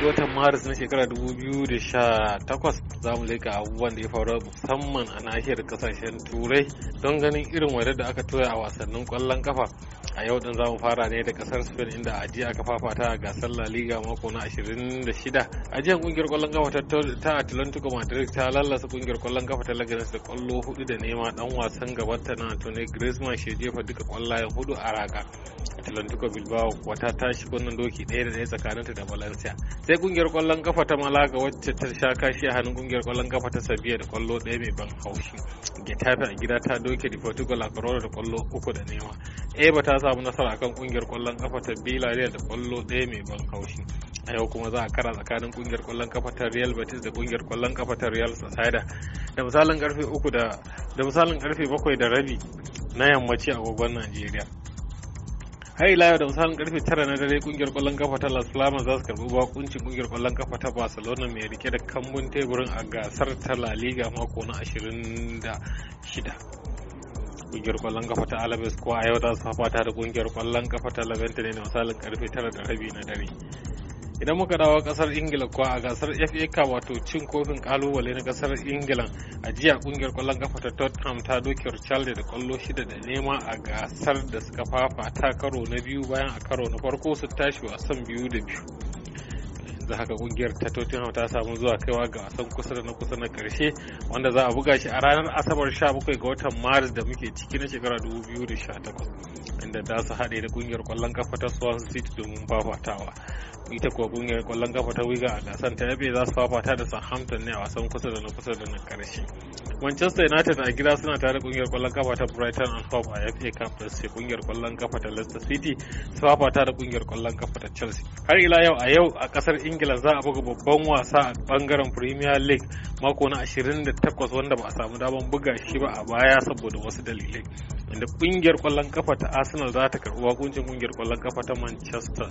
ga watan maris na shekarar 2018 za mu leka abubuwan da ya faru musamman a nahiyar kasashen turai don ganin irin wadar da aka toya a wasannin kwallon kafa a yau din za mu fara ne da kasar spain inda a jiya aka fafata a gasar la liga mako na 26 a jiya kungiyar kwallon kafa ta atlantico madrid ta lallasa kungiyar kwallon kafa ta lagares da kwallo hudu da nema dan wasan gabata na tony griezmann shi jefa duka kwallayen hudu a raga atlantico bilbao wata ta shi doki ɗaya da ɗaya tsakaninta da valencia sai kungiyar kwallon kafa ta malaga wacce ta sha kashi a hannun kungiyar kwallon kafa ta sabiya da kwallo ɗaya mai ban haushi getafe a gida ta doke da portugal a da kwallo uku da nema eba ta samu nasara kan kungiyar kwallon kafa ta villarreal da kwallo ɗaya mai ban haushi a yau kuma za a kara tsakanin kungiyar kwallon kafa ta Real Betis da kungiyar kwallon kafa ta Real Sociedad da misalin karfe uku da da misalin karfe bakwai da rabi na yammaci a gogon Najeriya. hai layo da misalin karfe tara na dare kungiyar kwallon kafa ta Las Palmas za su karbi bakuncin kungiyar kwallon kafa ta Barcelona mai rike da kambun teburin a gasar ta La Liga mako na 26 kungiyar kwallon kafa ta alabes kuwa a yau za su fafata da kungiyar kwallon kafa ta labenta ne da misalin karfe tara da rabi na dare idan muka dawo kasar ingila kuwa a gasar fa cup wato cin kofin kalubale na kasar ingila a jiya kungiyar kwallon kafa ta tottenham ta doke charlie da kwallo shida da nema a gasar da suka fafa ta karo na biyu bayan a karo na farko su tashi wasan biyu da biyu yanzu haka kungiyar ta Tottenham ta samu zuwa kaiwa ga wasan kusa da na kusa na karshe wanda za a buga shi a ranar Asabar 17 ga watan Maris da muke ciki na shekara 2018 inda za su haɗe da kungiyar kwallon kafa ta Swansea City domin fafatawa. ita kuwa kungiyar kwallon kafa ta wiga a gasar ta yabe za su fafata da Southampton ne a wasan kusa da na kusa da na karshe Manchester United a gida suna tare kungiyar kwallon kafa ta Brighton and Hove a FA Cup da sai kungiyar kwallon kafa ta Leicester City su ta da kungiyar kwallon kafa ta Chelsea. Har ila yau a yau a kasar Ingila za a buga babban wasa a bangaren Premier League mako na 28 wanda ba a samu damar buga shi ba a baya saboda wasu dalilai. inda kungiyar kwallon kafa ta arsenal za ta karbi wakuncin kungiyar kwallon kafa ta manchester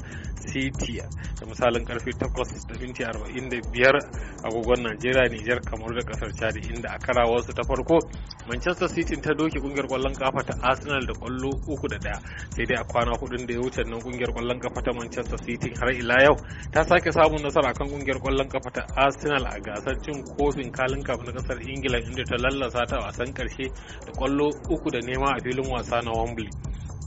city da misalin karfe 8:45 agogon najeriya nijar kamar da kasar chad inda a karawarsu ta farko manchester city ta doke kungiyar kwallon kafa ta arsenal da kwallo uku da daya sai dai a kwana hudun da ya wuce nan kungiyar kwallon kafa ta manchester city har ila yau ta sake samun nasara kan kungiyar kwallon kafa ta arsenal a gasar cin kofin kalin kaf na kasar ingila inda ta lallasa ta wasan karshe da kwallo uku a filin wasa na Wembley.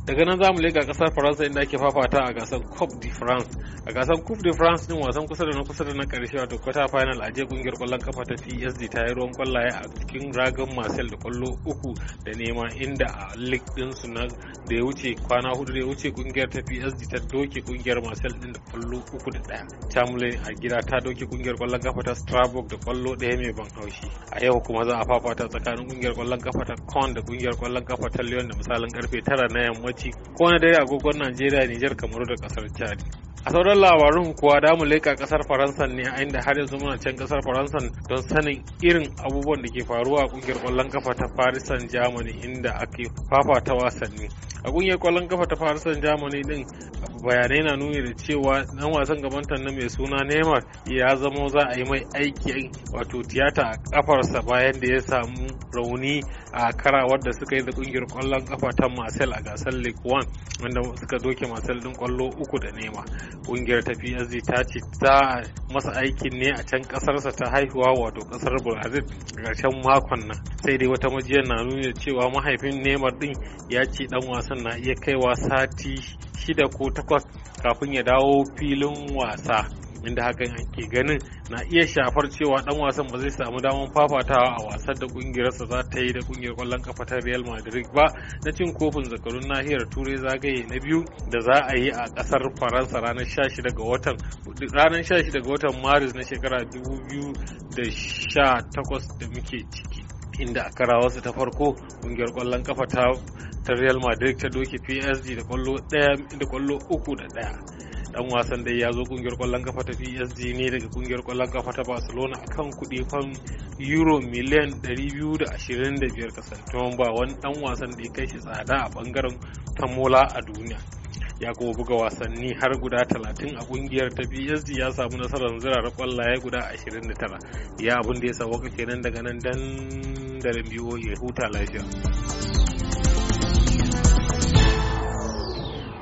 daga nan za zamu leka kasar faransa inda ake fafata a gasar coupe de france a gasar coupe de france din wasan kusa da na kusa da na karshe wato quarter final a je kungiyar kwallon kafa ta psd ta yi ruwan kwallaye a cikin ragan marcel da kwallo uku da nema inda a league din su na da ya wuce kwana hudu da ya wuce kungiyar ta psd ta doke kungiyar marcel din da kwallo uku da daya chamberlain a gida ta doke kungiyar kwallon kafa ta strasbourg da kwallo daya mai ban haushi a yau kuma za a fafata tsakanin kungiyar kwallon kafa ta con da kungiyar kwallon kafa ta lyon da misalin karfe tara na yamma yammaci ko na dare agogon Najeriya, Nijar, Kamaru da kasar Chad. a sauran labarun kuwa da mu leƙa ƙasar faransa ne a inda har yanzu muna can kasar faransa don sanin irin abubuwan da ke faruwa a kungiyar ƙwallon kafa ta paris saint germain inda ake fafata wasanni a kungiyar kwallon kafa ta paris saint germain din bayanai na nuni da cewa dan wasan gabanta na mai suna Neymar ya zamo za a yi mai aiki wato tiyata a kafarsa bayan da ya samu rauni a kara wadda suka yi da kungiyar kwallon kafa ta Marcel a gasar League One wanda suka doke Marcel din kwallo uku da Neymar kungiyar ta PSG ta ce ta masa aikin ne a can kasarsa ta haihuwa wato kasar Brazil karshen makon nan sai dai wata majiyar na nuni da cewa mahaifin Neymar din ya ce dan wasan na iya kaiwa sati shida ko takwas kafin ya dawo filin wasa inda hakan ke ganin na iya shafar cewa dan wasan ba zai samu damar fafatawa a wasan da kungiyarsa za ta yi da kungiyar kwallon kafa ta Real Madrid ba na cin kofin zakarun nahiyar Turai zagaye na biyu da za a yi a kasar Faransa ranar 16 ga watan watan Maris na shekara 2018 da muke ciki inda a karawarsa ta farko kungiyar kwallon kafa ta ta real madrid ta doke psg da kwallo daya da kwallo uku da daya dan wasan dai ya zo kungiyar kwallon kafa ta psg ne daga kungiyar kwallon kafa ta barcelona akan kuɗi fam euro miliyan 225 kasantuwan ba wani dan wasan da ya kai shi tsada a bangaren tamola a duniya ya kuma buga wasanni har guda 30 a kungiyar ta PSG ya samu nasarar zirara kwallaye guda 29 ya abin da ya sauka kenan daga nan dandalin biyo ya huta lafiya.